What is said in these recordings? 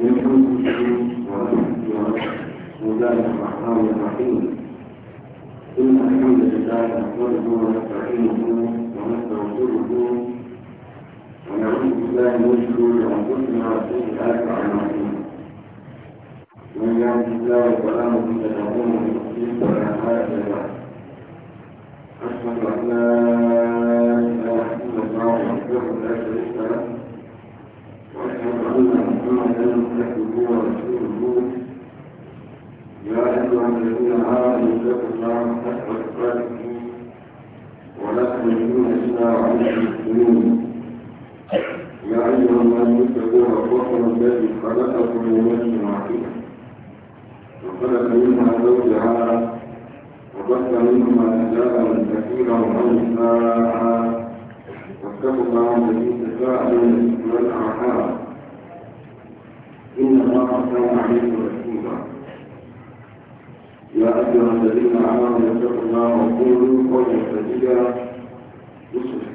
يملك الشيء ورحمه ورحمه وذلك الرحمن الرحيم إن الحمد لله نحمده ونستعينه ونستغفره ونعوذ بالله من شرور أنفسنا وسيئات أعمالنا من يهد الله فلا مضل له ومن يضلل فلا هادي له أشهد أن لا إله إلا الله وحده لا واشهد ان الذين امنوا اتقوا الله حق تقاته ولا تموتن الا وانتم مسلمون يا ايها الناس اتقوا الذي خلقكم من نفس وخلق منها زوجها وبث منهما رجالا كثيرا ونساء واتقوا الله اتباع من أعطاه يا أيها الذين آمنوا اتقوا الله وقولوا قولا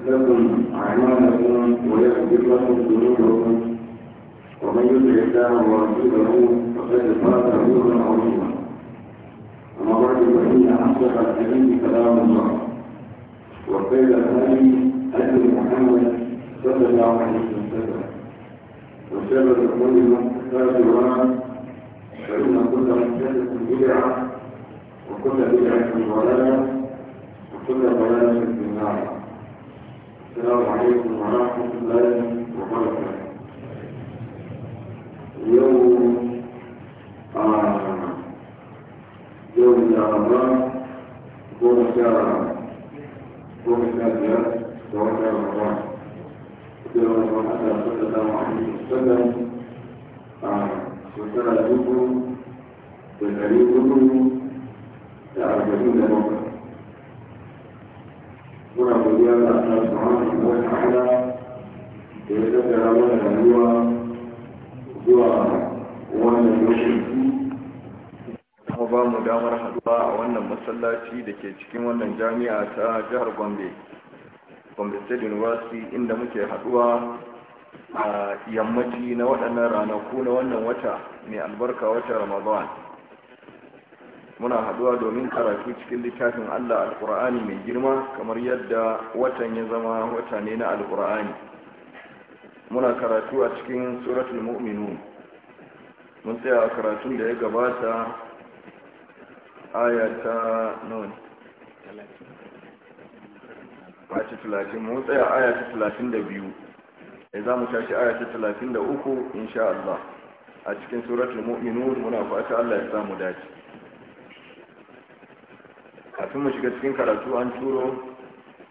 لكم أعمالكم ويغفر لكم ذنوبكم ومن يطع الله ورسوله فقد فاز فوزا عظيما اما بعد فان اصدق الحديث كلام الله وخير الهدي هدي محمد صلى الله عليه وسلم وشر الأمور محدثاتها فإن كل محدثة بدعة وكل بدعة ضلالة وكل ضلالة في النار السلام عليكم ورحمة الله وبركاته اليوم آه، يوم يوم الأربعاء قوم الشارع قوم الشارع قوم الشارع jiran wata sallallahu alaihi a da dari hudu da da da ya mana zuwa ba mu damar haɗuwa a wannan masallaci da ke cikin wannan jami'a ta jihar Gombe. the state university inda muke haduwa a yammaci na waɗannan ranaku na wannan wata mai albarka wata ramadan muna haduwa domin karatu cikin littafin allah alkur'ani mai girma kamar yadda watan ya zama wata ne na alkur'ani muna karatu a cikin suratul mu'minun mun tsaya karatun da ya gabata ayata nawa a ci talatin mu tsaya aya ta talatin da biyu da eh, za mu tashi aya talatin da uku insha Allah a cikin suratul mu'minun muna fata Allah ya mu dace kafin mu shiga cikin karatu an turo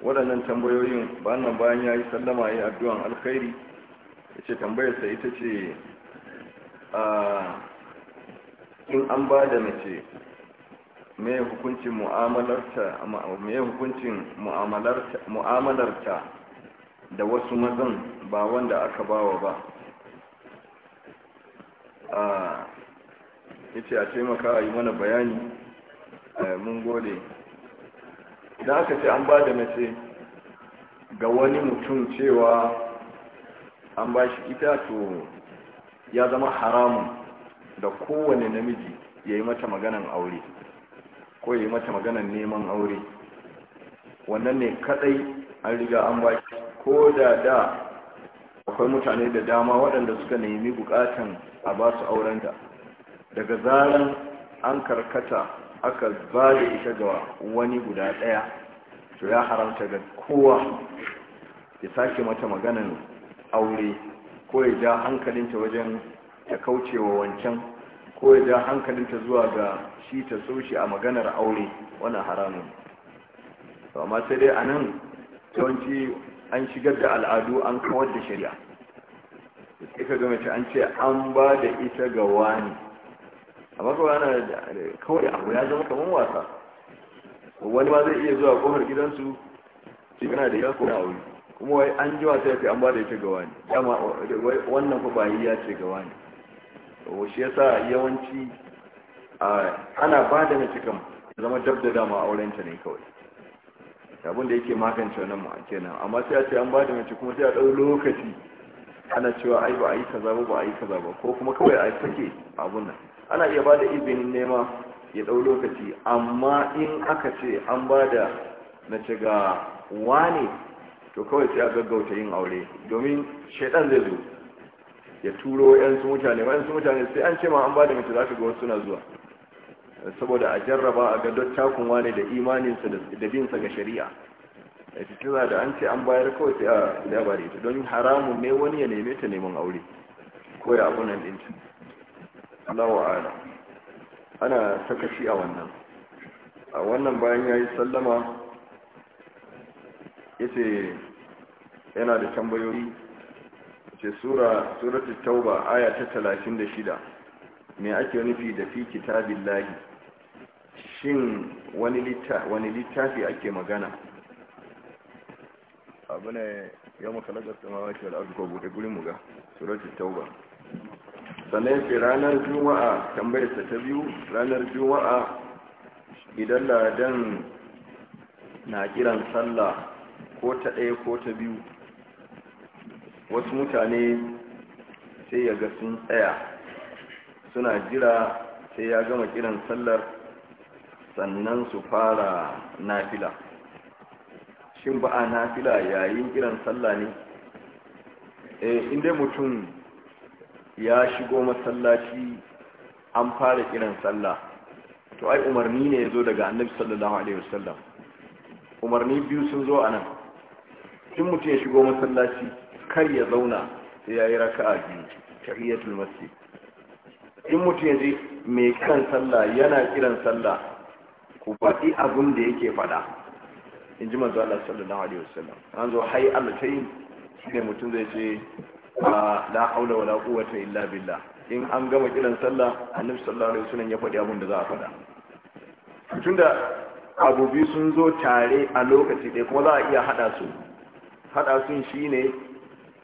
waɗannan tambayoyin ba nan bayan ya yi sallama ya addu'an alkhairi ya ce tambayarsa ita ce ah, in an ba da mace mai hukuncin mu'amalarta da wasu mazan ba wanda aka bawa ba a yace a taimaka a yi mana bayani eh, mun gode idan aka ce an ba da mace ga wani mutum cewa an ba shi ita to ya zama haramun da kowane namiji ya yi mata maganan aure ko yi mata maganar neman aure wannan ne kadai an riga an ba shi. ko da da akwai mutane da dama waɗanda suka nemi bukatan a ba su auren da daga zaren an karkata aka ba da ita ga wani guda ɗaya to ya haramta ga kowa ya sake mata maganan aure ko ya ja hankalinta wajen ya kaucewa wancan ko ya ja hankalinta zuwa ga shi ta so shi a maganar aure wannan haramun amma sai dai a nan yawanci an shigar da al'adu an kawar da shari'a ita ga mace an ce an ba da ita ga wani amma kawai ana kawai abu ya zama kamar wasa wani ma zai iya zuwa kofar gidansu shi kana da yako na aure kuma wai an ji wasa ya ce an ba da ita ga wani dama wannan ko ba ya ce ga wani ya yasa yawanci ana ba da na cikin zama dab da dama aurenta ne kawai abinda yake magance wannan mu kenan amma sai a ce an ba da mace kuma sai a ɗau lokaci ana cewa ai ba a yi kaza ba ba a yi kaza ba ko kuma kawai a sake abun nan ana iya ba da izinin nema ya ɗau lokaci amma in aka ce an ba da mace ga wane to kawai sai a gaggauta yin aure domin shaidan zai zo ya turo yansu mutane yansu mutane sai an ce ma an ba mace za ka ga wasu suna zuwa saboda a jarraba a ga dattakun wane da imaninsa da binsa ga shari'a a fitina da an ce an bayar kawai sai a labari ta don haramun ne wani ya neme ta neman aure ko ya abu nan ɗinta lawa ala ana sakaci a wannan a wannan bayan ya yi sallama ya yana da tambayoyi ce sura suratul tauba aya ta 36 me ake nufi da fi kitabillahi shin wani littafi wani littafi ake magana abu ne ya makalakar samawaki al'adu ko bude gurin muga suratul tauba sannan fi ranar juma'a tambayarsa ta biyu ranar juma'a idan ladan na kiran sallah ko ta ɗaya ko ta biyu wasu mutane sai ya ga sun tsaya suna jira sai ya gama kiran sallar sannan su fara nafila shin ba a nafila yayin kiran sallah ne eh inda mutum ya shigo masallaci an fara kiran sallah to ai umarni ne ya zo daga annabi sallallahu alaihi wasallam umarni biyu sun zo a nan tun mutum ya shigo masallaci kar ya zauna sai ya yi raka'a biyu tahiyatul masjid in mutum ya ji mai kiran sallah yana kiran sallah ku faɗi abin da yake faɗa in ji manzo Allah sallallahu alaihi wasallam an zo hayy al-tayyib shine mutum zai ce la haula wala quwwata illa billah in an gama kiran sallah annabi sallallahu alaihi wasallam ya faɗi abin da za a faɗa tunda abu biyu sun zo tare a lokaci ɗaya kuma za a iya haɗa su haɗa su shine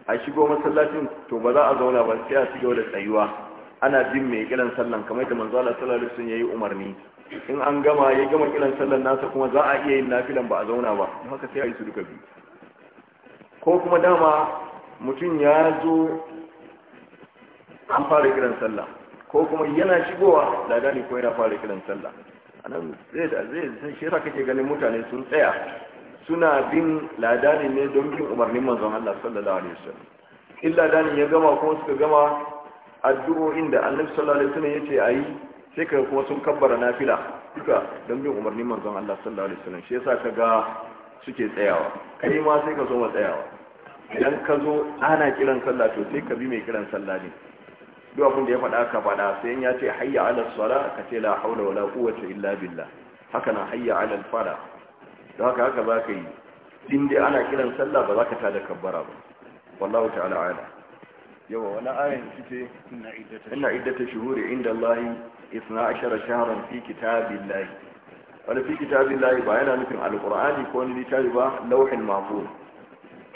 a shigo masallacin to ba za a zauna ba sai a shigo da tsayuwa ana jin mai kiran sallan kamar da manzo Allah sallallahu alaihi wasallam yayi umarni in an gama ya gama kiran sallan nasa kuma za a iya yin nafilan ba a zauna ba haka sai a yi su duka biyu ko kuma dama mutum ya zo an fara kiran sallah ko kuma yana shigowa ne ko yana fara kiran sallah anan zai da zai san shi kake ganin mutane sun tsaya suna bin ladani ne don bin umarnin manzon Allah sallallahu alaihi wasallam in ladani ya gama kuma suka gama addu'o'in da annabi sallallahu alaihi wasallam yace ayi sai ka kuma sun kabbara nafila duka don bin umarnin manzon Allah sallallahu alaihi wasallam shi yasa kaga suke tsayawa kai ma sai ka zo ma tsayawa idan ka zo ana kiran sallah to sai ka bi mai kiran sallah ne duk abin da ya faɗa ka faɗa sai ya ce hayya ala sala ka ce la hawla wala quwwata illa billah haka na hayya ala al fala da haka haka za ka yi in dai ana kiran sallah ba za ka tada kabbara ba wallahu ta'ala ala yawa wani ayan shi ce ina iddata shuhuri inda Allahi isna ashara shaharan fi kitabin lahi wani fi kitabin lahi ba yana nufin alkur'ani ko wani littafi ba lauhin mahfuz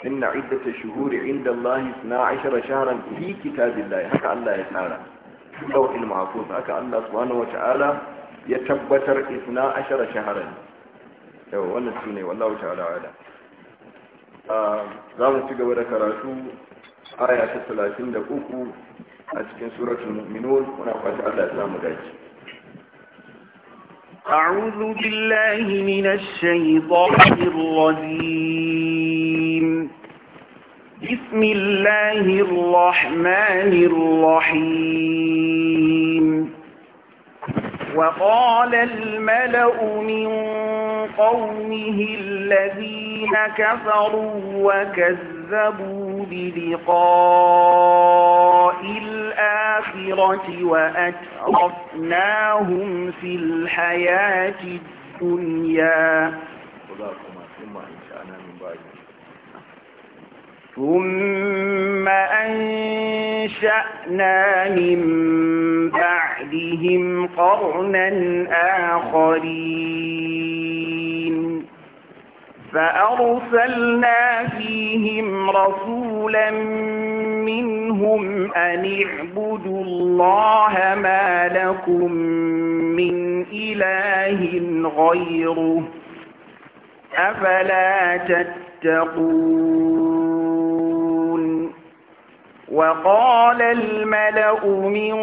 inna iddata shuhuri inda Allahi isna ashara shaharan fi kitabin lahi haka Allah ya tsara lauhin mahfuz haka Allah subhanahu wa ta'ala ya tabbatar isna ashara shaharan yau wannan su ne wallahu ta'ala ala ah, za mu ci gaba da karatu aya ta talatin da uku a cikin suratul mu'minun muna fata Allah ya samu dace أعوذ بالله من الشيطان الرجيم بسم الله الرحمن الرحيم وقال الملأ من قومه الذين كفروا وكذبوا بلقاء الآخرة وأترفناهم في الحياة الدنيا ثم أنشأنا من بعدهم قرنا آخرين فأرسلنا فيهم رسولا منهم أن اعبدوا الله ما لكم من إله غيره أفلا تتقون يتقون وقال الملأ من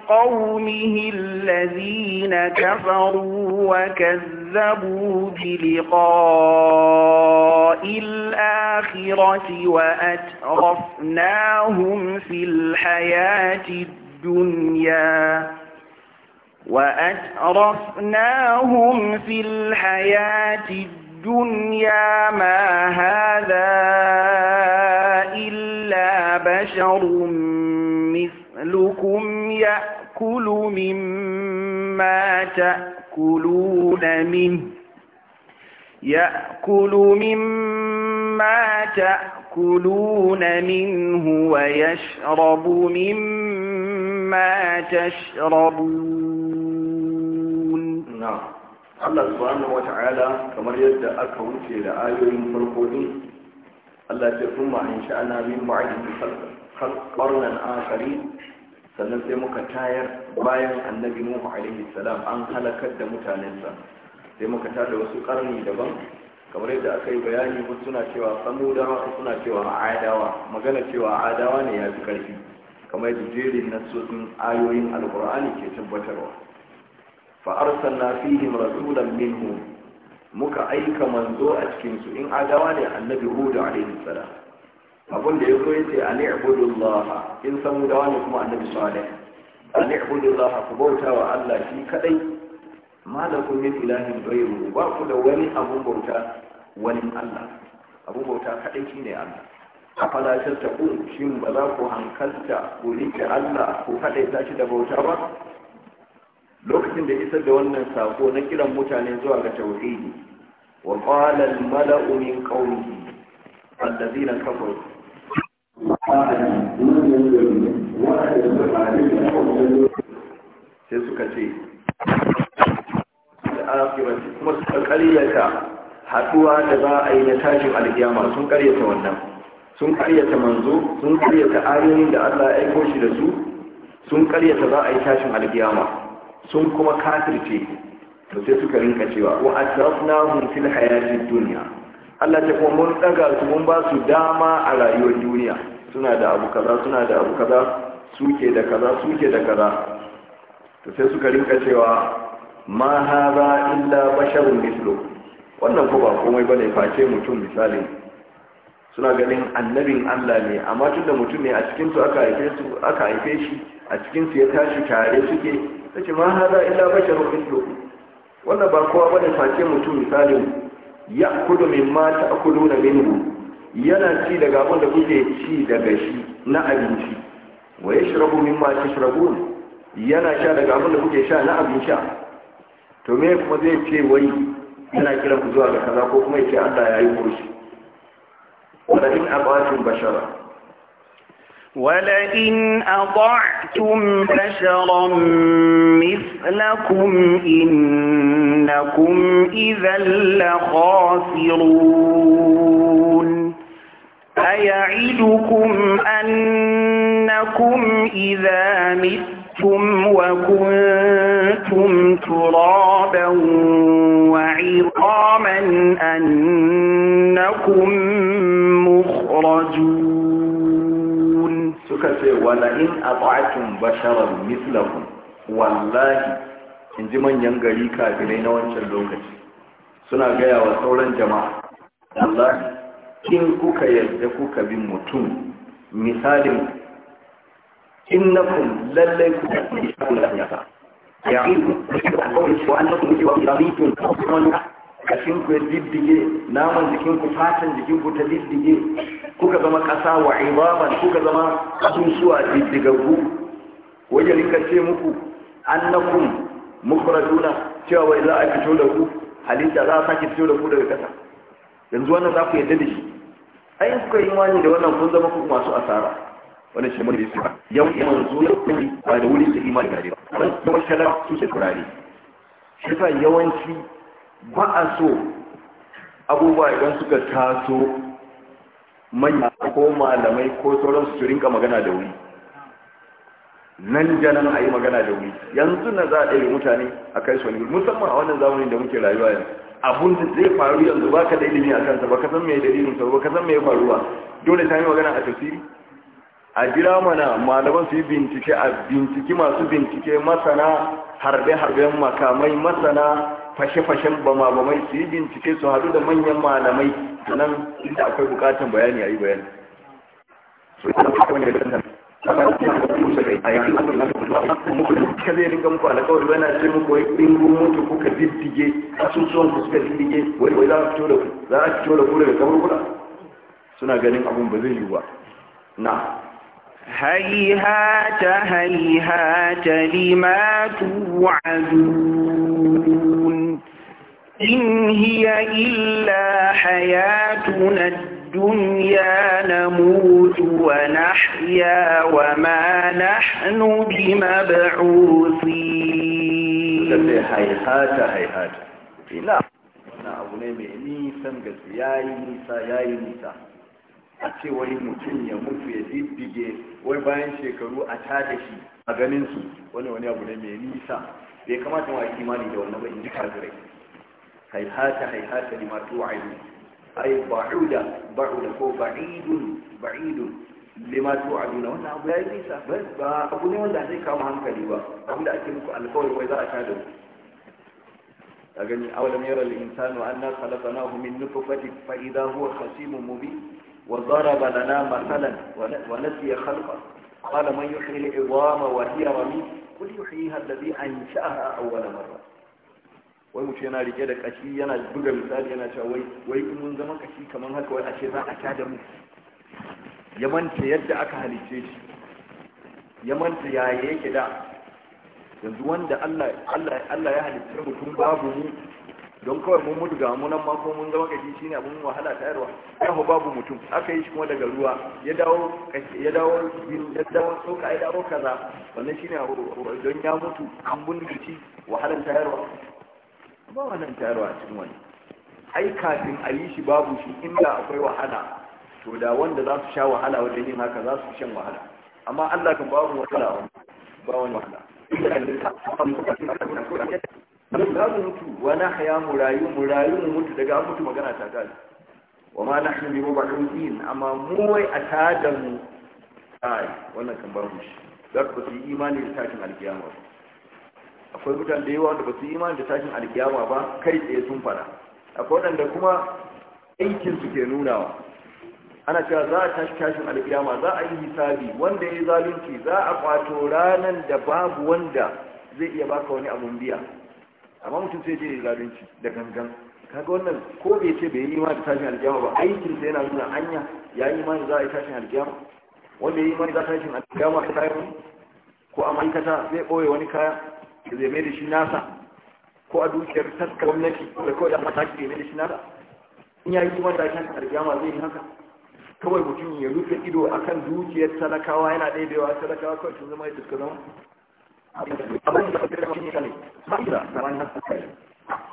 قومه الذين كفروا وكذبوا بلقاء الآخرة وأترفناهم في الحياة الدنيا وأترفناهم في الحياة الدنيا الدنيا ما هذا إلا بشر مثلكم يأكل مما تأكلون منه يأكل مما تأكلون منه ويشرب مما تشربون Allah subhanahu wata'ala kamar yadda aka wuce da ayoyin farko din Allah ya kuma an sha'ana min ba'di khalqarnan akharin sannan sai muka tayar bayan annabi Nuhu alaihi salam an halakar da mutanensa sai muka tada wasu karni daban kamar yadda aka yi bayani wasu suna cewa samudawa suna cewa adawa magana cewa adawa ne ya fi karfi kamar yadda jerin nassosin ayoyin alkur'ani ke tabbatarwa fa'arsanna fihim rasulan minhu muka aika manzo a cikinsu in adawa ne annabi hudu alaihi salam abin da ya so ya ce a ni'budullah in san dawa ne kuma annabi salih a ni'budullah ku bauta wa Allah shi kadai malakum min ilahin ghayru ba ku da wani abun bauta wani Allah abun bauta kadai ne Allah afala tattaqun shin ba za ku hankalta ku rike Allah ku kadai tashi da bauta ba lokacin da isar da wannan sako na kiran mutane zuwa ga tauhidi wa qala al mala'u min qawmihi alladhina kafaru sai suka ce da kuma suka karyata haduwa da za a yi na tashin alkiyama sun karyata wannan sun karyata manzo sun karyata ayoyin da Allah ya aiko shi da su sun karyata za a yi tashin alkiyama sun kuma kafirce to sai suka rinka cewa wa asrafnahum fil hayati dunya Allah ta kuma mun daga su mun ba su dama a rayuwar duniya suna da abu kaza suna da abu kaza suke da kaza suke da kaza to sai suka rinka cewa ma hada illa basharun mislu wannan ko ba komai bane face mutum misali. suna ganin annabin Allah ne amma tunda mutum ne a cikin su aka haife su aka haife shi a cikin su ya tashi tare suke ta ce ma haza illa basharun mislukum wannan ba kowa bane face mutum misalin ya kudu min ma ta kudu na minhu yana ci daga abin da kuke ci daga shi na abinci wa ya shirabu min ma ta shirabu yana sha daga abin da kuke sha na abin sha to me kuma zai ce wai yana kira ku zuwa ga kaza ko kuma ya ce Allah ya yi murshi da in abatin bashara ولئن أطعتم بشرا مثلكم إنكم إذا لخاسرون أيعدكم أنكم إذا متم وكنتم ترابا وعظاما أنكم مخرجون suka ce wala in ata'tum basharan mislakum wallahi in ji manyan gari kafirai na wancan lokaci suna gaya wa sauran jama'a wallahi in kuka yarda kuka bi mutum misalin innakum lallai ku ya ku ku ya ku ya ku ku ku ku ku ku ku ku ku ku ku kashin ku ya diddige naman jikin ku fatan jikin ku ta diddige kuka zama kasa wa ibaban kuka zama kasusuwa diddigaggu wajen rika ce muku annakum mukhrajuna cewa wai za a fito da ku halitta za a sake fito da ku daga kasa yanzu wannan za ku yadda da shi ai kuka yi imani da wannan kun zama ku masu asara wannan shi mun da su yau yawan zuwa ba da wuri su imani gare ba kuma shalar su sai turare shi yawanci ba a so abubuwa idan suka taso manya ko malamai ko sauran su rinka magana da wuri nan da nan a yi magana da wuri yanzu na za a ɗaya mutane a kai su wani musamman a wannan zamanin da muke rayuwa yanzu abun da zai faru yanzu ba ka da ilimi a kansa ba ka san mai dalilin sa ba ka san mai faruwa dole ta yi magana a tafsiri a jira mana malaman su yi bincike a bincike masu bincike masana harbe-harben makamai masana fashe-fashen bama-bamai su yi bincike su haɗu da manyan malamai nan inda akwai bukatan bayani a yi bayani ka zai ringa muku alƙawar yana ce muku wai ɗingun mutu kuka diddige asusuwan ku suka diddige wai wai za a fito da ku za a fito da ku daga kaburbura suna ganin abun ba zai yi ba na هيهات هيهات لما توعدون إن illa hayatu حياتنا الدنيا نموت ونحيا وما نحن na abu ne mai nisan gaske ya mutum ya mutu ya diddige wai bayan shekaru a tada a ganin su nisa bai kamata ma kimani da wannan هيهات هيهات لما توعدون أي بعودة بعودة هو بعيد بعيد لما توعدون وانا أبو لا يليس بس أبو نيو ده زي كام هم كليبا أبو لا أكلمك القول وإذا أشهدوا أغني أولم يرى الإنسان وانا خلقناه من نطفة فإذا هو خصيم مبين وضرب لنا مثلا ونسي خلقه قال من يحيي العظام وهي رميم قل يحييها الذي أنشأها أول مرة wai mutum yana rike da kashi yana buga misali yana cewa wai wai in mun zama kashi kamar haka wai a ce za a ta da mu ya manta yadda aka halice shi ya manta yaya yake da yanzu wanda Allah Allah Allah ya halitta mutum babu mu don kawai mun mutu ga nan ma ko mun zama kashi shine abun wahala tayarwa ho babu mutum aka yi shi kuma daga ruwa ya dawo ya dawo ya dawo tsoka ya dawo kaza wannan shine don ya mutu an bunduci wahalar tayarwa ba wannan tayarwa a cikin wani ai kafin a yi shi babu shi inda akwai wahala to da wanda za su sha wahala wajen yin haka za su shan wahala amma Allah kan babu wahala wani ba wani wahala za mu mutu wa na haya mu rayu mu rayu mu mutu daga an mutu magana ta gani wa ma na hanyar yau ba ɗaukin amma mu wai a tada mu ai wannan kan babu shi za ku yi imani da tashin alkiyama akwai mutane da yawa da ba su yi imani da tashin alkiyama ba kai tsaye sun fada akwai waɗanda kuma aikin su ke nunawa ana cewa za a tashi tashin alkiyama za a yi hisabi wanda ya yi zalunci za a kwato ranar da babu wanda zai iya baka wani abun biya amma mutum sai je ya zalunci da gangan kaga wannan ko bai ce bai yi imani da tashin alkiyama ba aikin sa yana nuna hanya ya yi imani za a yi tashin alkiyama wanda ya yi imani za a tashin alkiyama ta kayan ko a ma'aikata zai ɓoye wani kaya da zai mai da shi nasa ko a dukiyar taska gwamnati da kawai da da mai da shi nasa in ya yi kuma da shan karjama zai yi haka kawai mutum ya rufe ido akan dukiyar talakawa yana ɗaiɗewa talakawa kawai sun zama ya tuska zama abin da kafin shi ne kane ba da tsaron hasa kai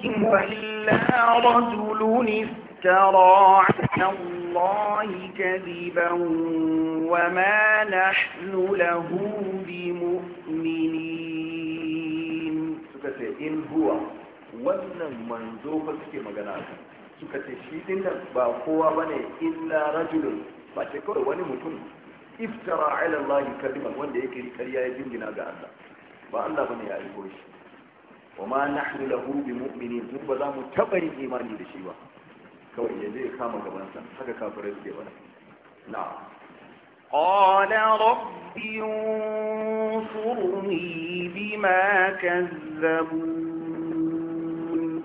إن إلا رجل افترى على الله كذبا وما نحن له بمؤمنين in huwa wannan manzo ba suke magana suka ce shi din ba kowa bane illa rajulun ba ce kawai wani mutum iftara ala Allah kadiban wanda yake ƙarya ya jingina ga Allah ba Allah bane ya aiko shi wa ma nahnu lahu mu'minin mun ba za mu taba yin imani da shi ba kawai ya kama gaban sa haka kafirai suke ba na'am قال رب انصرني بما كذبون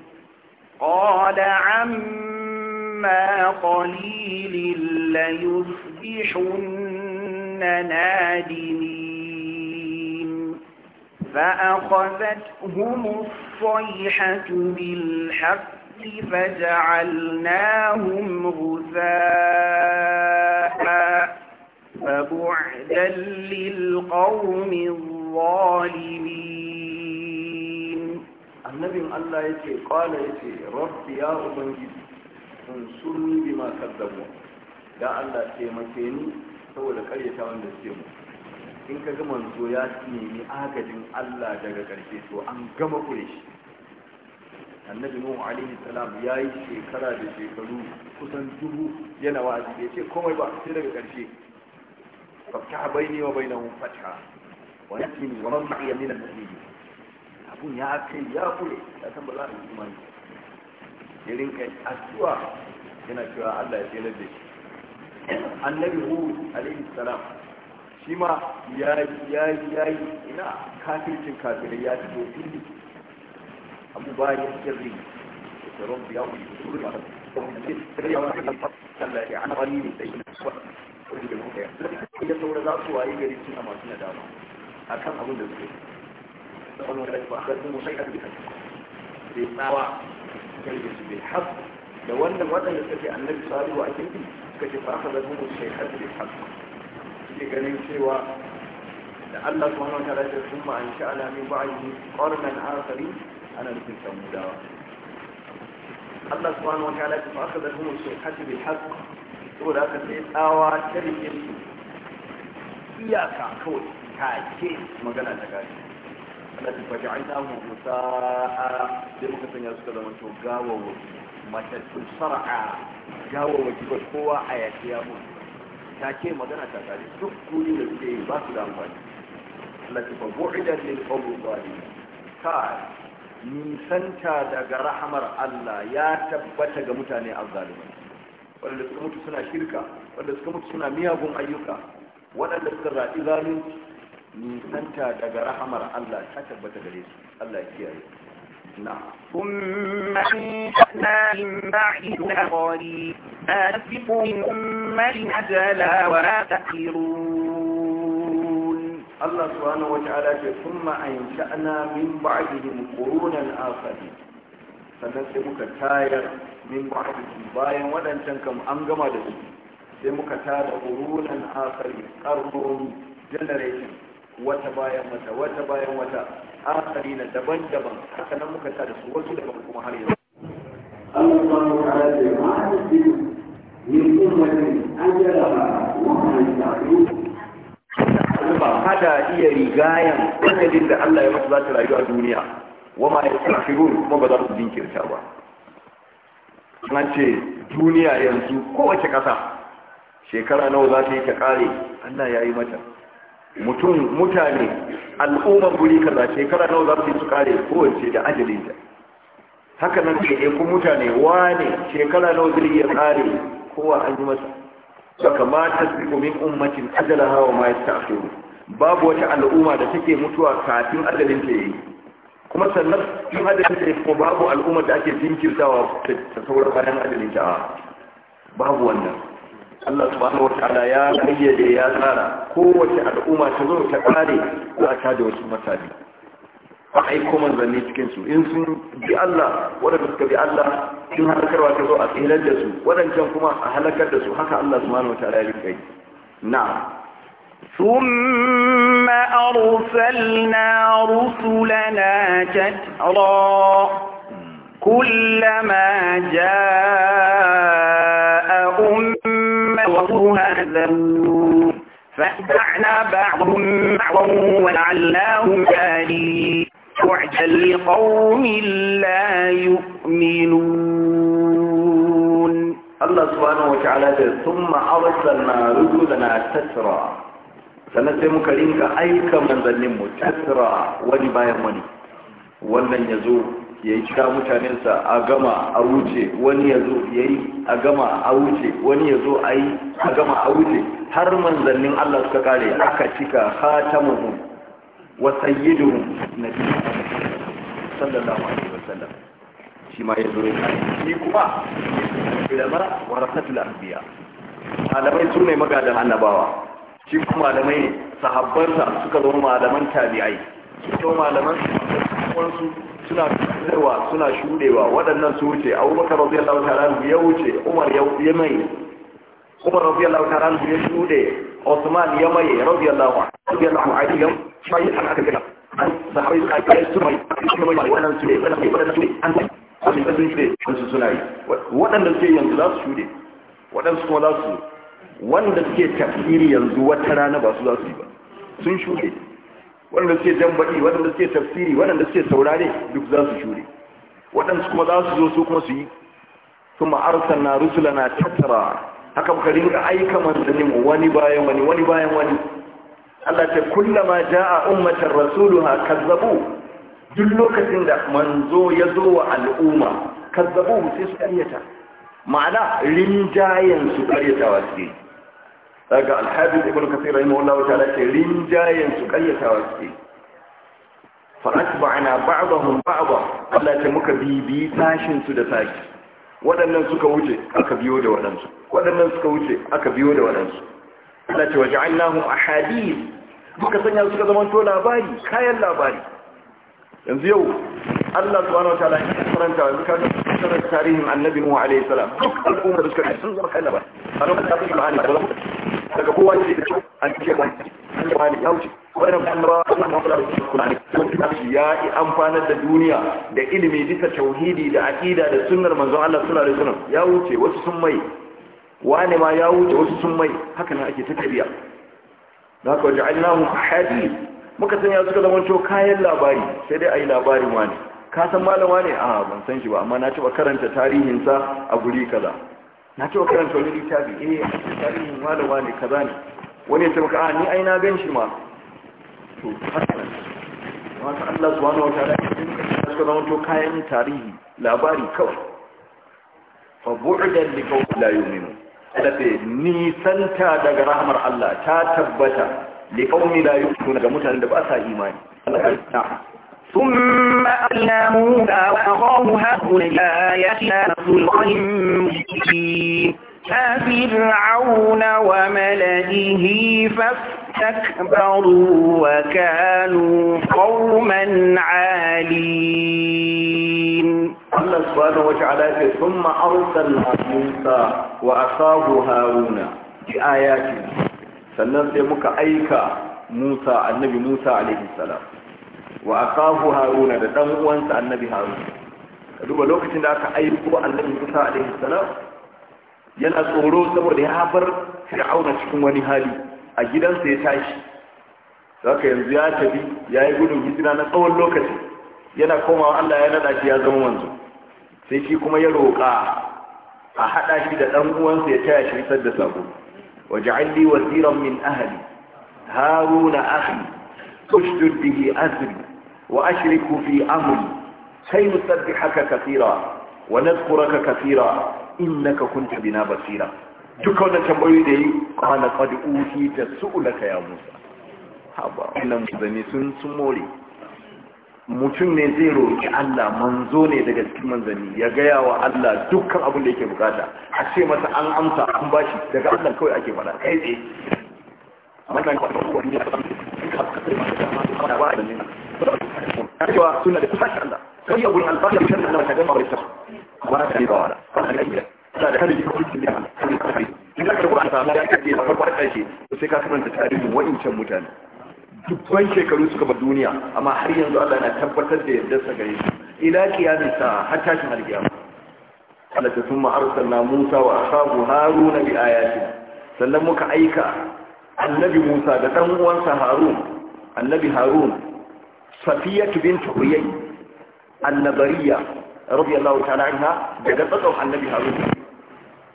قال عما قليل ليصبحن نادمين فأخذتهم الصيحة بالحق فجعلناهم غثاء فبعدا للقوم الظالمين النبي الله يتي قال يتي رب يا أبنجد انصرني بما كذبوا يا الله تيمتيني هو لك أي تاون لسيمو in ka gama manzo ya nemi agajin Allah daga ƙarshe to an gama kure shi annabi nuhu alaihi salam ya yi shekara da shekaru kusan dubu yana wa'azi bai ce komai ba sai daga ƙarshe فافتح بيني وبينهم فتحا ونسيني ومن معي من المؤمنين abun ya kai ya kule ya san ba za a yi imani ya rinka addu'a yana cewa Allah ya tsere da shi annabi hud alaihi salam shi ma ya ya ya ina kafircin kafirai ya fito fili abu ba ya sirri da rabbi ya kuri da rabbi ya kuri da rabbi ya kuri da rabbi ya kuri da da muka yi idan saura za su waye gari suna masu nadama a kan abin da suke wani wanda ba a karfin musai a bisa tsawa kalbi su bai haf da wannan waɗanda suke annabi salihu a kirki suka ce fa aka zarfin musai har haf suke ganin cewa da Allah subhanahu wa ta'ala ya tsumma an sha'ala min ba'dihi qarnan akharin ana nufin samudawa Allah subhanahu wa ta'ala ya fa aka zarfin musai har haf saboda haka sai tsawa ta rike su iyaka kawai ke magana ta gari Allah ta faɗi an samu musa sai muka sanya suka zama to gawawaki matattun sara'a gawawaki ba kowa a yaki ya mutu ke magana ta gari duk kuri da suke yi ba su da amfani Allah ta faɗi bu'idan lil qawmi zalimin ka nisanta daga rahamar Allah ya tabbata ga mutane a zalimai waɗanda suka mutu suna shirka waɗanda suka mutu suna miyagun ayyuka waɗanda suka zaɓi zalunci nisanta daga rahamar Allah ta tabbata gare su Allah ya kiyaye ثم أنشأنا من بعدها قريب ما تسبق من أمة أجلا ولا تأخرون الله سبحانه وتعالى ثم أنشأنا من بعدهم قرونا آخرين sannan sai muka tayar min ba'dihi bayan wadancan kam an gama da su sai muka tara urunan akari qarrun generation wata bayan wata wata bayan wata akari na daban-daban haka nan muka tara su wasu daban kuma har yanzu Allah ya ba hada iya rigayan ajalin da Allah ya masu za ta rayu a duniya wa ma yastakhirun kuma ba za su jinkirta ba na ce duniya yanzu kowace ƙasa shekara nawa za ta yi ta ƙare Allah ya yi mata mutum mutane al'ummar guri kaza shekara nawa za su yi su ƙare kowace da ta haka nan ke ku mutane wane shekara nawa zai yi kare kowa an yi masa saka ma ta kuma min ummatin ajalaha wa ma yastakhirun babu wata al'umma da take mutuwa kafin ta yi. kuma sannan in adalin ta kuma babu al'ummar da ake jinkirtawa ta sauran bayan adalin ta babu wannan Allah subhanahu wataala ya kayyade ya tsara kowace al'umma ta zo ta kare ko ta da wasu Ba a aiko manzanni cikin su in sun bi Allah waɗanda suka bi Allah sun halakarwa ta zo a tsirar da su wadancan kuma a halakar da su haka Allah subhanahu wataala ya rika yi Na ثم ثم أرسلنا رسلنا جترا كلما جاء أمة وصوها ذنوب فاتبعنا بعضهم بعضا ولعلهم آلي بعدا لقوم لا يؤمنون الله سبحانه وتعالى ثم أرسلنا رسلنا تترا sannan sai muka rinka aika manzannin mu wani bayan wani wannan ya zo ya yi cika mutanensa a gama a wuce wani ya zo ya yi a gama a wuce wani ya zo a yi a gama a wuce har manzannin Allah suka kare aka cika khatamuhu wa sayyidu nabi sallallahu alaihi wasallam shi ma ya zo ya kare shi kuma ulama warasatul anbiya malamai sune magadan annabawa shi kuma malamai ne sahabbansa suka zama malaman tabi'ai to malaman su suna fitarwa suna shudewa waɗannan su wuce abubakar radiyallahu ta'ala ya wuce umar ya mai umar radiyallahu ta'ala ya shude osman ya mai radiyallahu radiyallahu ali ya shayi an aka gina an sahabai suka yi su mai su mai waɗannan su ne waɗannan su ne an sai sun shude su suna yi waɗanda su yanzu za su shude waɗansu kuma za su wanda suke tafsiri yanzu wata rana ba su za su yi ba sun shuɗe wanda suke jambaɗi wanda suke tafsiri wanda suke saurare duk za su shuɗe waɗansu kuma za su zo su kuma su yi kuma rusula na tattara haka muka rinka aika manzannin wani bayan wani wani bayan wani Allah ta kullama jaa ummatar rasuluha kazzabu duk lokacin da manzo ya zo wa al'umma kazzabu sai su karyata ma'ana rinjayen su karyatawa suke daga alhabib ibn kasir rahimahullah ta'ala ce rinjayen su kayyatawa suke fa atba'na ba'dahum ba'da Allah ce muka bibi tashin su da saki waɗannan suka wuce aka biyo da waɗansu waɗannan suka wuce aka biyo da waɗansu Allah ce waja'alnahum ahadith muka sanya suka zama to labari kayan labari yanzu yau Allah subhanahu wa ta'ala ya karanta yanzu kaga nasarar tarihin annabi Nuhu, alayhi salam duk al'umma da suka yi sun zama kai ba a lokacin da suke ma'ani da daga kowa ne da an ce wani an ce wani ya wuce wani ba an ba an ba kula da su kula ne wani ya yi amfanar da duniya da ilimi bisa tauhidi da aqida da sunnar manzon Allah sallallahu alaihi wasallam ya wuce wasu sun mai wani ma ya wuce wasu sun mai haka nan ake ta tafiya da ka waja'alnahum ahadith muka sanya suka zama to kayan labari sai dai ayi labarin wani ka san malama ne a ah, ban san shi ba amma na taɓa karanta tarihinsa a guri kaza na taɓa karanta wani littafi eh tarihin malama ne kaza ne wani ya taɓa ka ah, ni ai na gan shi ma to haka wata Allah subhanahu wataala ya dinka shi suka zama to kayan tarihi labari kawai fa bu'dan li kaw la yu'minun ni nisanta daga rahmar Allah ta tabbata li qawmin la yu'minu ga mutanen da ba sa imani Allah ya ثم أتنا موسى وأخاه هارون نصر سلطان مبين ففرعون وملئه فاستكبروا وكانوا قوما عالين الله سبحانه وتعالى ثم أرسل موسى وأخاه هارون بآياتنا sannan sai muka موسى النبي موسى عليه السلام wa akahu haruna da dan uwansa annabi haruna ka duba lokacin da aka aiko annabi musa alaihi salam yana tsoro saboda ya bar fir'auna cikin wani hali a gidansa ya tashi saka yanzu ya tafi ya yi gudun hijira na tsawon lokaci yana komawa Allah ya nada shi ya zama manzo sai shi kuma ya roka a haɗa shi da ɗan uwansa ya taya shi isar da sako waj'alni waziran min ahli haruna akhi ushdud bihi azri وأشرك في أمر كي نسبحك كثيرا ونذكرك كثيرا إنك كنت بنا بصيرا تكون تنبوي دي قال قد أوتيت سؤلك يا موسى haba wannan zane sun more mutum ne zai roƙi Allah manzo ne daga cikin manzanni ya gaya wa Allah dukkan abin da yake bukata a ce masa an amsa an bashi daga Allah kawai ake kai tsaye أيوة سنة بتفشل ده كي أقول الباقي بشأن أنه يتجمع بالسفر وأنا تأليد وعلا فأنا الأجل لا ده هذه كل شيء يعني لذلك القرآن فأنا لا يكفي أفر واحد أي شيء وسيكا كمان تتعلم وإن كان متان dubban shekaru suka bar duniya amma har yanzu Allah na tabbatar da yadda sa gare shi ila kiyamin sa har tashin alkiyama Allah ta summa arsalna Musa wa ashabu Haruna bi ayatina sannan muka aika annabi Musa da dan uwansa Harun annabi Harun safiyatu bint huyay annabariya radiyallahu ta'ala anha daga tsatson annabi harun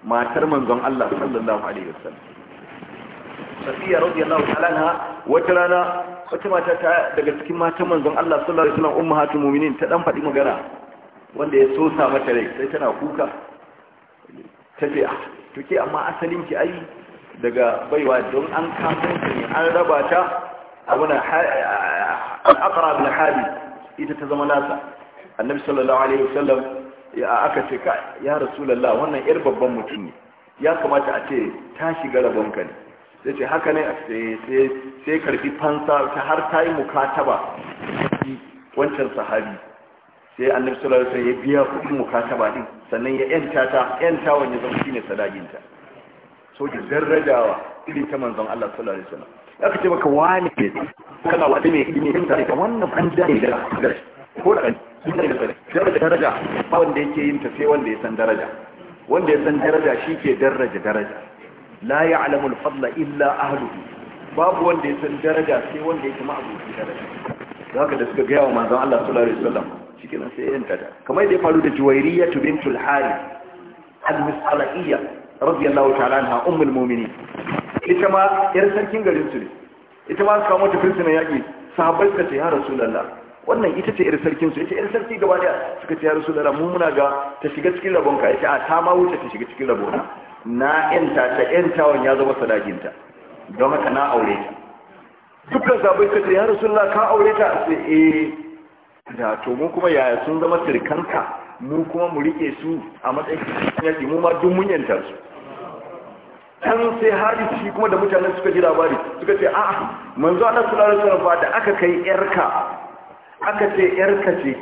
matar manzon Allah sallallahu alaihi wasallam safiya radiyallahu ta'ala anha wata rana wata mata ta daga cikin matan manzon Allah sallallahu alaihi wasallam ummahatul mu'minin ta dan faɗi magana wanda ya sosa mata rai sai tana kuka tace ah to ke amma asalin ki ai daga baiwa don an kafin ne an raba ta abuna al'akara da hadi ita ta zama nasa annabi sallallahu alaihi wasallam ya aka ce ka ya lalla. wannan yar babban mutum ne ya kamata a ce ta shiga rabon ka ne sai ce haka ne sai karfi fansa ta har ta yi mukataba wancan sahabi sai annabi sallallahu alaihi wasallam ya biya kuɗin mukataba din sannan ya yanta ta yanta wanda zama shine sadakinta so darajawa irin ta manzon Allah sallallahu alaihi wasallam aka ce maka wani ne kana wata mai ilimi ne tare ka wannan an da ne da ko da sun da daraja daraja ba wanda yake yin ta sai wanda ya san daraja wanda ya san daraja shi ke daraja daraja la ya'lamu al-fadla illa ahluhu babu wanda ya san daraja sai wanda yake ma'abuci daraja Za ka da suka gaya wa manzon Allah sallallahu alaihi wasallam cikin sai yin ta kamar da ya faru da Juwairiyya bintul Harith al-Mis'aliyya radiyallahu ta'ala anha ummul mu'minin ita ma yar sarkin garin su ne ita ma suka mota mata firsinan yaƙi sahabbai suka ce ya lalla wannan ita ce yar sarkin su ita yar sarki gaba da suka ce ya lalla mu muna ga ta shiga cikin rabon ka ita a ta ma wuce ta shiga cikin rabona na yanta ta yantawan ya zama sadakinta don haka na aure ta dukkan sahabbai suka ce ya lalla ka aure ta sai eh da to mu kuma yaya sun zama sirkanka mu kuma mu rike su a matsayin yaƙi mu ma duk mun yanta su kan sai har shi kuma da mutanen suka ji labari suka ce a manzo Allah sallallahu alaihi wasallam da aka kai yarka aka ce yarka ce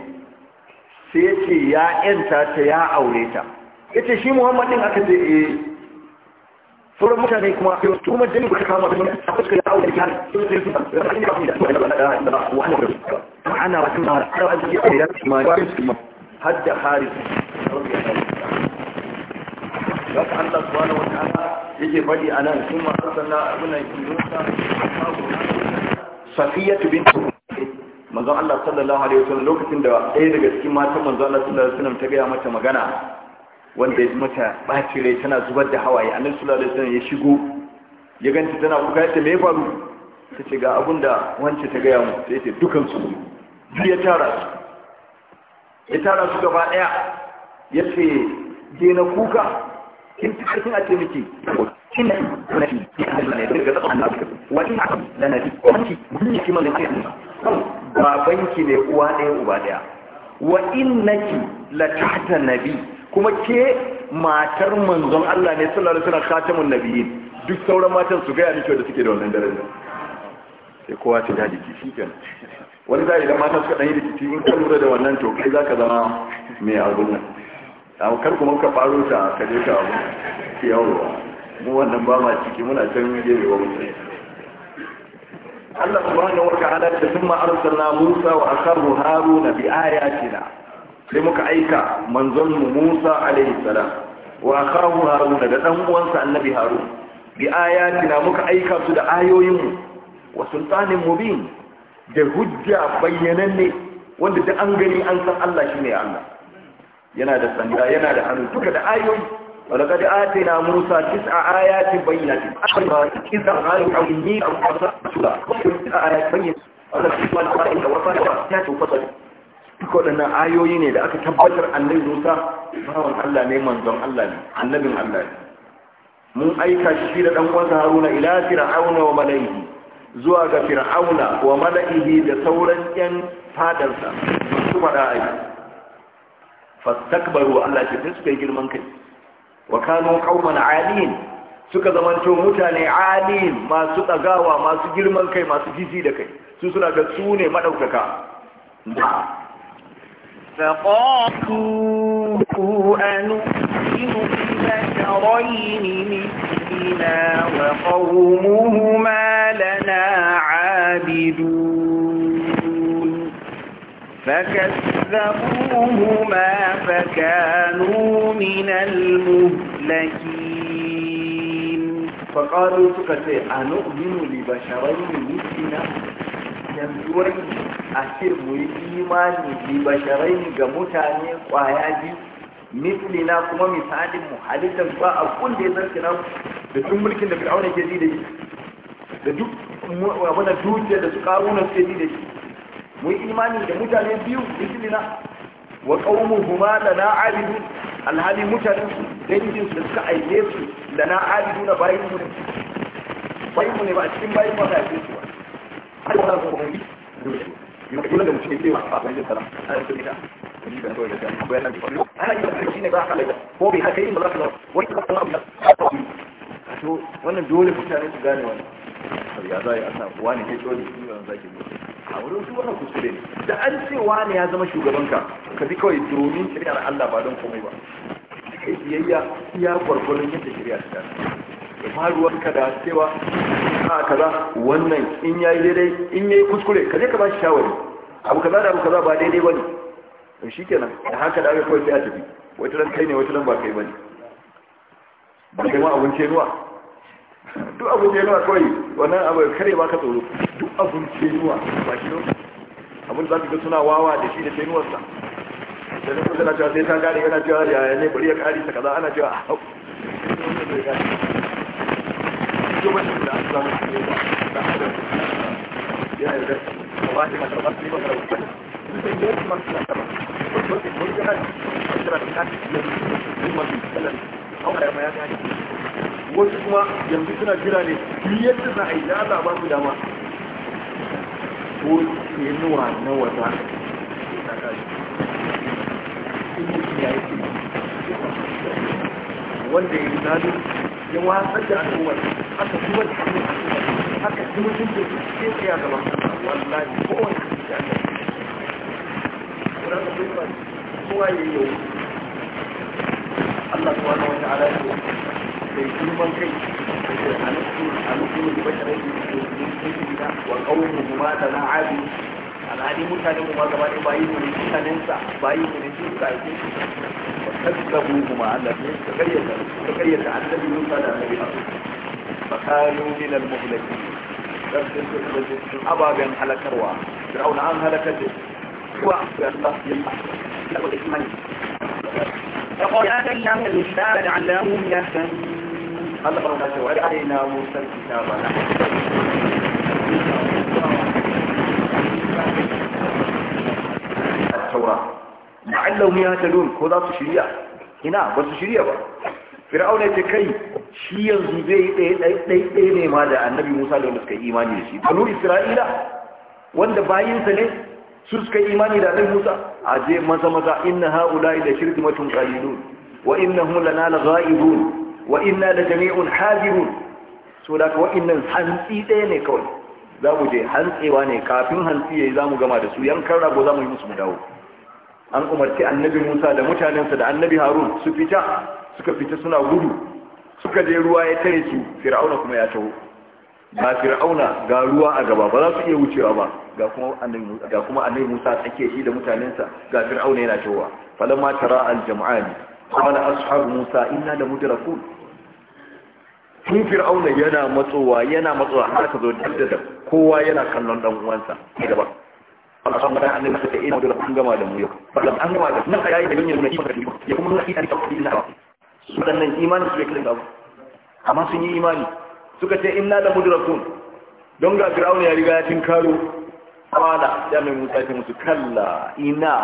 sai ce ya yanta ta ya aure ta yace shi Muhammad din aka ce eh sauran mutane kuma kuma dani ba kama da aka ya aure ta ana ba kuma da aka ce ya ma hadda haris Allah da wa ta'ala yake faɗi a nan kuma da abuna yunusa safiyatu bint manzon Allah sallallahu alaihi wasallam lokacin da ɗaya daga cikin matan manzon Allah sallallahu alaihi wasallam ta gaya mata magana wanda ya mata ɓaci rai tana zubar da hawaye annabi sallallahu alaihi wasallam ya shigo ya ganta tana kuka ya me ya faru ta ce ga abin da wance ta gaya mu sai ce dukan su ya tara su ya tara su gaba ɗaya ya ce je na kuka in ci karfin a ce miki shin ne kuna shi ne a hajjina ne daga tsakanin abu wani abu da na ji wani mun yi kima da ce babanki ne uwa ɗaya uba ɗaya wa in innaki la tahta nabi kuma ke matar manzon Allah ne sallallahu alaihi wasallam khatamun nabiyyin duk sauran matan su gaya miki da suke da wannan daraja sai kowa ta dadi ki shikenan wani zai da mata suka dan yi da kiti in ka lura da wannan to kai zaka zama mai abun nan kar kuma ka faru ta ka je ka abu ke yawowa mu wannan ba ma ciki muna can jere wa mutane Allah subhanahu wa ta'ala da thumma arsalna Musa wa akharu Harun bi ayatina sai muka aika manzon mu Musa alaihi salam wa akharu Haruna da dan uwansa annabi Harun bi ayatina muka aika su da ayoyin mu wa sultanin mubin da hujja bayyananne wanda duk an gani an san Allah shine Allah yana da sanda yana da hannu duka da ayoyi ولقد آتينا موسى تسع آيات بينات أما إذا قالوا عوني أو قصة تسع آيات بينات أما تسوى القائل وفاة ذات فصل تقولنا آيوين إذا أكا تبتر أن موسى فهو ayoyi ne manzon Allah ne annabin Allah ne mun aika shi da dan uwansa Haruna ila Fir'auna wa malaihi zuwa ga Fir'auna wa malaihi da sauran yan fadarsa su a yi. fastakbaru Allah ce sai suka yi girman kai wa kanu qauman aliyin suka zamanto mutane aliyin masu tsagawa masu girman kai masu jiji da kai su suna ga su ne madaukaka فقالوا أنؤمن بشرين مثلنا وقومهما لنا عابدون فكذبوهما فكانوا من المهلكين فقالوا تكتي أنؤمن لبشرين مثلنا يمزوري أسر مؤمن لبشرين جموتاني وآياتي مثلنا كما مثال محالتا فا أقول لي ذلك نعم بدون ملك فرعون جديد بدون ابونا دوجة الجديد mu yi imani da mutane biyu bisilina wa qaumuhuma lana abidun alhali mutanen su dangin su suka aike su lana abiduna bayin mu ne bayin mu ne ba a cikin bayin ba ka aike su ba har ba su kuma yi yau da mutum ke ba a bayan sana ana cikin ita Wani yi da shi ne ba a kalai ko bai haka yin ba za ka zama wani kuma kuma abu to wannan dole mutane su gane wani ya za a yi a wani ke dole yi wani zaki mutu a wurin su wannan kuskure ne da an ce wani ya zama shugabanka ka bi kawai domin shari'ar Allah ba don komai ba ka yi biyayya ya gwargwaron yadda shari'a ta da faruwar ka da cewa a kaza wannan in yayi daidai in yayi kuskure ka je ka ba shi shawari abu kaza da abu kaza ba daidai bane to shikenan da haka da aka kawai sai a tafi wata ran kai ne wata ran ba kai bane ba kai ma abun ce ruwa duk abin da yawa kawai wannan abu kare ba ka tsoro duk abin da yawa ba shi ne abin za ka ga suna wawa da shi da tenuwarsa da na kusa na cewa sai ta gari yana cewa ya ne bari ya kari ta kaza ana cewa a hau Thank you. wasu kuma yanzu suna jira ne yadda za a yi da Allah ba su dama ko na wata wanda ya ya aka kuma da aka kuma da su ke tsaya wallahi kowane ya yi yau Allah ala ya yi girman kai a nufin bashirai da wa ma da na'adi alhali mutane mu ma gaba ɗaya bayi mu ne mutanensa bayi mu ne sun ka yake kazzabu kuma Allah ne ka karyata ka karyata annabi Musa da annabi Abu fakanu min al-muhlaki rabbi sun ababen halakarwa fir'auna an halakar da kuwa ga Allah ya yi da imani فقد آتيناهم الكتاب لعلهم يهتدون Allah ba ta ce wa alaina musa kitaba na taura la'allahum yahtadun ko za su shirya ina ba su shirya ba fir'auna ce kai shi yanzu zai yi ɗaiɗaiɗai ne ma da annabi musa da wanda suka yi imani da shi banu isra'ila wanda bayinsa ne su suka yi imani da annabi musa a je maza maza inna ha'ula'i da shirki matun qalilun wa innahum lana lagha'ibun wa inna da jami'un hajirun so da ka wa'innan hantsi ɗaya ne kawai za mu je hantsewa ne kafin hantsi ya yi za mu gama da su yankan rago za mu yi musu dawo an umarci annabi musa da mutanensa da annabi harun su fita suka fita suna gudu suka je ruwa ya tare su fir'auna kuma ya taho ga fir'auna ga ruwa a gaba ba za su iya wucewa ba ga kuma annabi musa ga kuma annabi musa tsake shi da mutanensa ga fir'auna yana tahowa falamma tara al-jam'ani qala ashabu musa inna la mudrakun tun fir'auna yana matsowa yana matsowa har ka zo duk da kowa yana kallon dan uwansa ne gaba Allah san bada annabi sai ina da an gama da mu yau balan an gama da nan kai da yin ne ya kuma nuna idan ka kudi Ba wadannan imani su yake da abu amma sun yi imani suka ce inna la mudrakun don ga fir'auna ya riga ya tinkaro kala ya mai musa ce musu kalla ina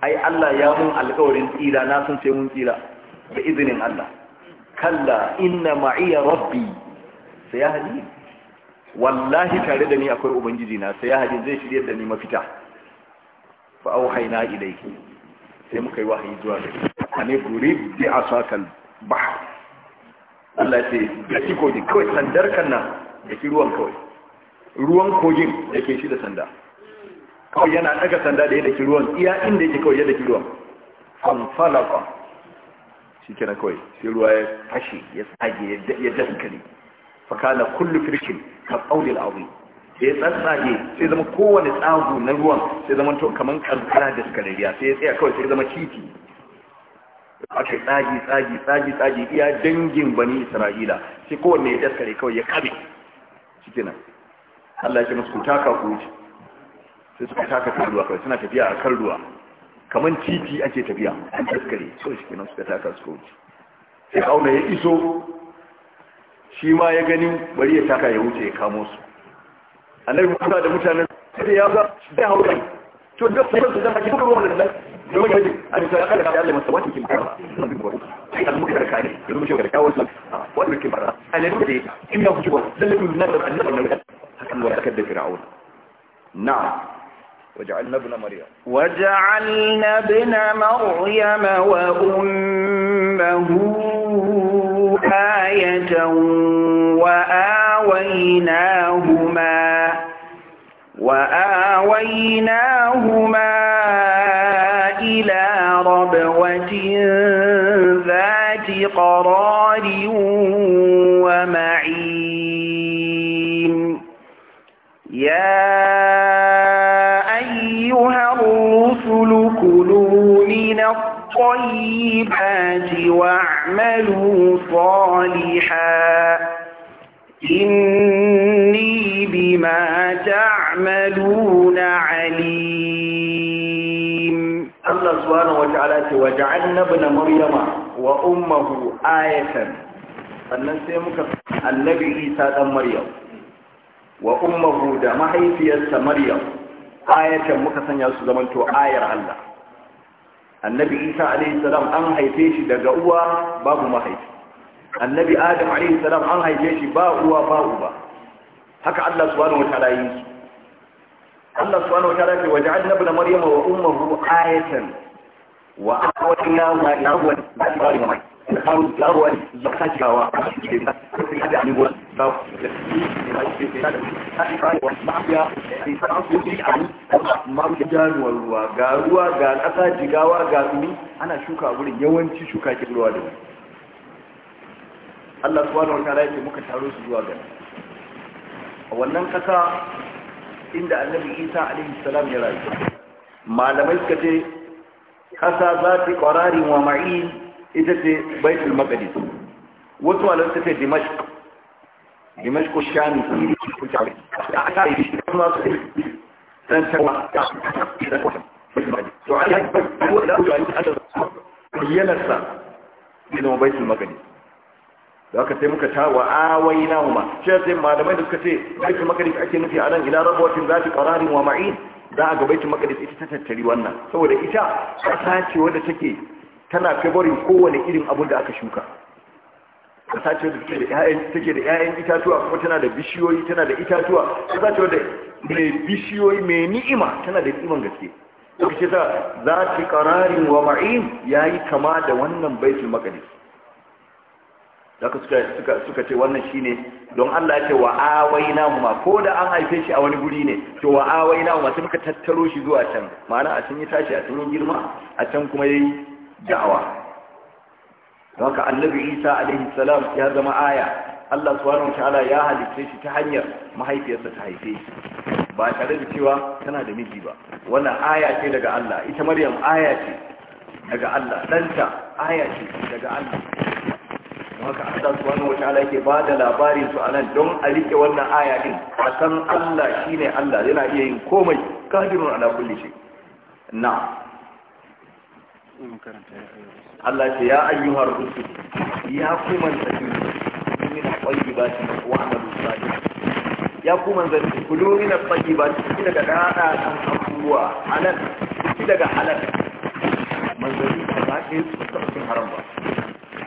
ai Allah ya mun alƙawarin tsira na san sai mun tsira da izinin Allah kalla inna ma'iya rabbi sai ya hadi wallahi tare da ni akwai ubangiji na sai ya hadi zai shirye da ni mafita fa haina ilayki sai muka yi wahayi zuwa gare ani gurib bi asakal bahr Allah sai da ci kogin kawai sandar kan nan da ki ruwan kawai ruwan kogin da ke shi da sanda kawai yana daga sanda da yadda daki ruwan iya inda yake kawai yadda daki ruwan fanfalaka shi ke kawai sai ruwa ya tashi, ya tsage ya daskare fakana kullu firkin ka tsauri al'abu sai ya tsatsage sai zama kowane tsago na ruwan sai zama to kamar kankara daskarariya sai ya tsaya kawai sai zama titi aka tsagi tsagi tsagi tsagi iya dangin bani isra'ila sai kowanne ya daskare kawai ya kabe shi Allah ya ce musu taka ku sai suka taka kan ruwa kawai suna tafiya a kan ruwa kamar titi ake tafiya an taskare so shi kenan suka taka su. wuce sai kauna ya iso shi ma ya gani bari ya taka ya wuce ya kamo su annabi musa da mutanen sai ya ga sai haura to da sai su zama kitu ruwan nan da mai gaji a bisa kada da Allah masa wata ko. sai an muka karka ne yanzu mu shiga da kawo sun wani kimara a ne da in ya fushi ba lalle kun nan da annabi nan hakan wa da fir'aun na'am وجعلنا ابن مريم وجعلنا ابن مريم وأمه آية وآويناهما وآويناهما إلى ربوة ذات قرار الطيبات واعملوا صالحا إني بما تعملون عليم الله سبحانه وتعالى وجعلنا ابن مريم وأمه آية فلنسيمك النبي إيسا دم مريم وأمه دمحي في السمريم آية مكسن يا تو آية الله annabi isa alaihi salam an haife shi daga uwa babu mahaifi annabi adam alaihi salam an haife shi ba uwa ba uba haka Allah subhanahu wataala yi su Allah subhanahu wataala ce waja'alna ibn maryama wa ummuhu ayatan wa awwalnahu ila wa kawo karuwa da da da da ruwa ga ruwa ga ƙasa jigawa ga tsumi ana shuka wurin yawanci shuka ke ruwa da Allah subhanahu wa ta'ala yake muka taro su zuwa gani a wannan kasa inda annabi Isa alaihi ya rayu malamai suka ce kasa za ta kwararin wa ma'in ita ce baitul maqdis wasu malamai suka ce dimashq dimashq shami dan tawa to ai ko da ku an ta ina ta maqdis da aka sai muka tawa awai nahuma shi sai malamai da suka ce baitul maqdis ake nufi a nan ila rabbatin zati qararin wa ma'in za a ga baitul maqdis ita ta tattari wannan saboda ita kasa ce wadda take tana favorin kowane irin abun da aka shuka ƙasa ce da take da 'ya'yan itatuwa kuma tana da bishiyoyi tana da itatuwa ƙasa ce da mai bishiyoyi mai ni'ima tana da ni'iman gaske duk ce ta za ki ƙararin wa ma'in ya yi kama da wannan baitul Da daga suka ce wannan shi ne? don Allah ce wa namu ma ko da an haife shi a wani guri ne to wa namu ma sun muka tattaro shi zuwa can ma'ana a can ya tashi a can ya girma a can kuma ya yi. da'awa don haka annabi isa alaihi salam ya zama aya Allah subhanahu wataala ya halicce shi ta hanyar mahaifiyarsa ta haife shi ba tare da cewa tana da miji ba wannan aya ce daga Allah ita Maryam aya ce daga Allah danta aya ce daga Allah haka Allah subhanahu wataala yake ba da labarin su anan don a rike wannan aya din a san Allah shine Allah yana iya yin komai kadirun ala kulli shay na'am Allah ce ya ayyuhar rusul ya ku manzanni min tayyibati wa amalu salih ya ku manzanni kulu min tayyibati daga dada dan abubuwa halal shi daga halal manzanni ba za su ta su haram ba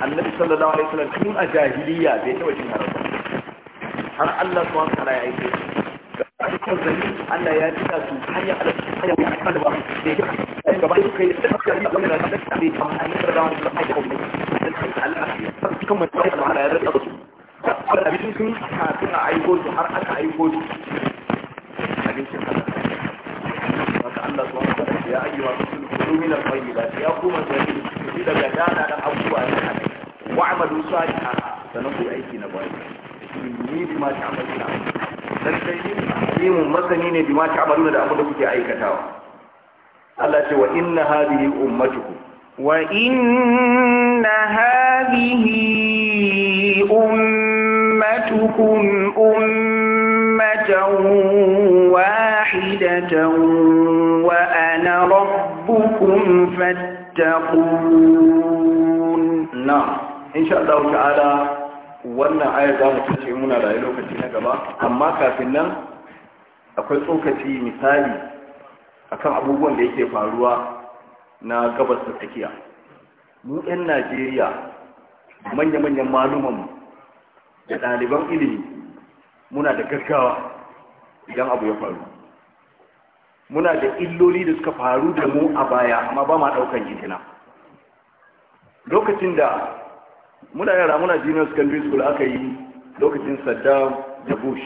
annabi sallallahu alaihi wasallam tun a jahiliya bai taba cin haram ba har Allah subhanahu wa ta'ala ya aike ga da Allah ya tika su hanya Allah hanya ba da ba ka ba kai da ka yi wannan da ka yi amma an da da wannan da ka yi Allah ya kuma ta da Allah ya rada su har abin sun ka tuna aiko su har aka aiko su abin sun ka maka Allah subhanahu wa ta'ala ya ayyuha rusul kulu min al-tayyibat ya kuma sai ku daga dana da abubuwa na haka wa'malu salihan sanan ku aiki na bai ni bi ma ta'maluna dan sai ni mu masani ne bi ma ta'maluna da abin da kuke aikatawa Allah ce wa inna hadhihi ummatukum wa inna hadhihi ummatukum ummatan wahidatan wa ana rabbukum fattaqun na insha Allah ta'ala wannan ayar za mu tace muna rayu lokaci na gaba amma kafin nan akwai tsokaci misali akan abubuwan da yake faruwa na gabas da tsakiya mu 'yan najeriya manya-manyan mu da ɗaliban ilimi muna da gaggawa idan abu ya faru muna da illoli da suka faru da mu a baya amma ba ma ɗaukan jikina lokacin da muna yara muna junior secondary school aka yi lokacin saddam da bush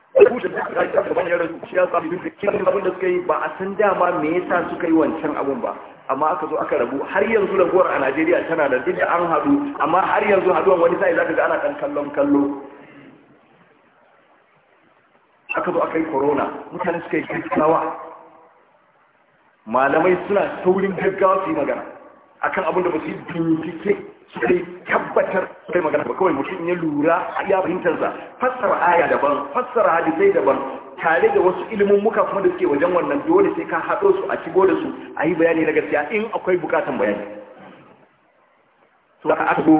da shi ya abin da suka yi ba a san dama me yasa suka yi wancan abun ba amma aka zo aka rabu har yanzu raguwar a Najeriya tana da duk da an haɗu amma har yanzu haɗuwan wani sai ka ga ana kan kallon kallo aka zo aka yi corona mutane suka yi gaggawa malamai suna saurin gaggawa su yi magana akan abin da ba su yi bincike sai tabbatar kai magana ba kawai mutum ya lura a iya fahimtarsa fassara aya daban fassara hadisai daban tare da wasu ilimin muka kuma da suke wajen wannan dole sai ka haɗo su a cigo da su a yi bayani na gaskiya in akwai bukatan bayani so aka aka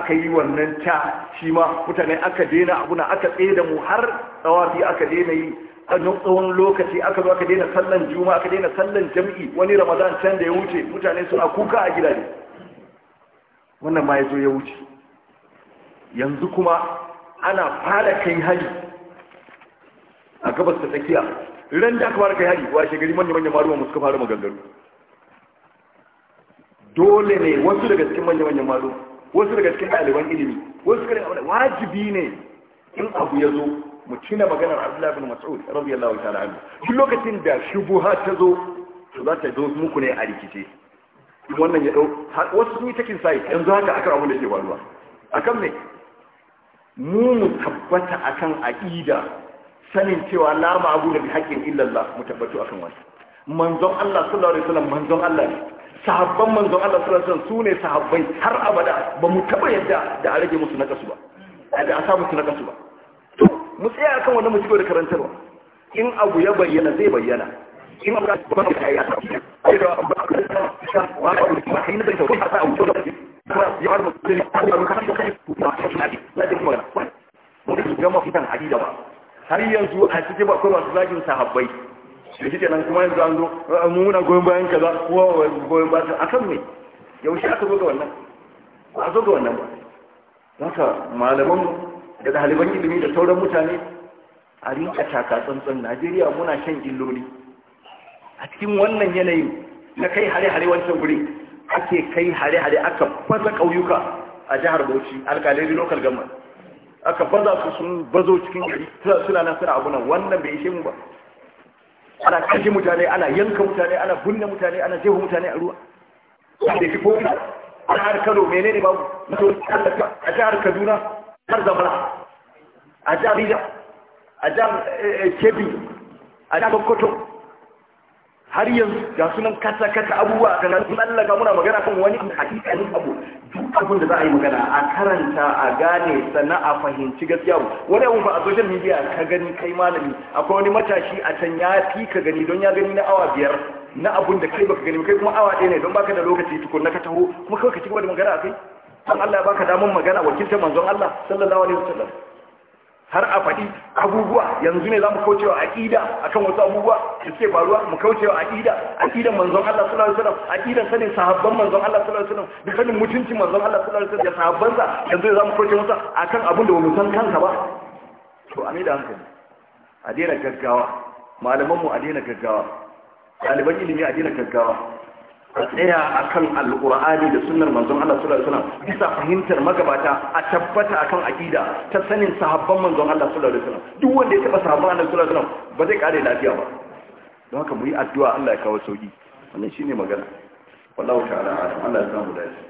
aka yi wannan ta shi ma mutane aka daina abuna aka tsaye da mu har tsawafi aka daina yi a tsawon lokaci aka zo aka daina sallan juma'a aka daina sallan jam'i wani ramadan can da ya wuce mutane suna kuka a gidaje wannan ma ya zo ya wuce yanzu kuma ana fara kai hari a gabas ta tsakiya ran da aka fara kai hari washe gari manya manyan maruwa musu suka fara maganganu dole ne wasu daga cikin manya manyan maruwa wasu daga cikin ɗaliban ilimi wasu kare wajibi ne in abu ya zo mu cina maganar abdullahi bin mas'ud radiyallahu ta'ala anhu duk lokacin da shubuha ta zo to za ta zo muku ne a rikice wannan ya ɗau, wasu sun yi takin sai yanzu haka akan abin da ke faruwa akan ne mu mu tabbata akan aqida sanin cewa la ma'budu bi haqqin illa Allah mu tabbatu akan wannan manzon Allah sallallahu alaihi wasallam manzon Allah ne sahabban manzon Allah sallallahu alaihi wasallam sune sahabbai har abada ba mu taba yadda da a rage musu nakasu ba da a samu na nakasu ba to mu tsaya akan wannan mu ci gaba da karantarwa in abu ya bayyana zai bayyana إما har yanzu a cikin akwai masu zagin sahabbai da shi kenan kuma yanzu an zo muna goyon bayan kowa goyon a kan mai yaushe aka zo ga wannan ba a zo ga wannan ba malaman da ɗaliban ilimi da sauran mutane a rinka taka tsantsan najeriya muna shan illoli a cikin wannan yanayin na kai hare-hare wancan guri ake kai hare-hare aka fasa ƙauyuka a jihar bauchi alkalari local government aka baza su sun bazo cikin gari suna nan suna abunan wannan bai ishe mu ba ana kashe mutane ana yanka mutane ana bunne mutane ana jefa mutane a ruwa da fi ko ina a jihar kano menene babu a jihar kaduna har zamana a jihar Rida, a jihar eh, eh, kebbi a jihar kokoto har yanzu ga sunan kata kata abubuwa a ga sun tsallaka muna magana kan wani hakikalin abu duk abin da za a yi magana a karanta a gane sana a fahimci gaskiya wani abu ba a social media ka gani kai malami akwai wani matashi a can ya fi ka gani don ya gani na awa biyar na abun da kai baka gani kai kuma awa ɗaya ne don baka da lokaci tukun na ka taho kuma kawai ka ci gaba da magana akai an Allah ya baka damar magana wakiltar manzon Allah sallallahu alaihi wasallam har a faɗi abubuwa yanzu ne za mu kauce wa aƙida kan wasu abubuwa da suke faruwa mu kauce wa aƙida aƙidan manzon Allah sallallahu alaihi wasallam aƙidan sanin sahabban manzon Allah sallallahu alaihi wasallam da sanin mutuncin manzon Allah sallallahu alaihi wasallam da sahabbansa yanzu ne za mu kauce masa akan abin da ba mu san kansa ba to a da hankali a daina gaggawa malaman mu a daina gaggawa ɗaliban ilimi a daina gaggawa a tsaya a kan al'ur'ani da sunar manzon Allah sallallahu alaihi wasallam bisa fahimtar magabata a tabbata akan aqida ta sanin sahabban manzon Allah sallallahu alaihi wasallam duk wanda ya taba sahabban Allah sallallahu alaihi wasallam ba zai kare lafiya ba don haka mu yi addu'a Allah ya kawo sauki wannan shine magana wallahu ta'ala Allah ya samu dace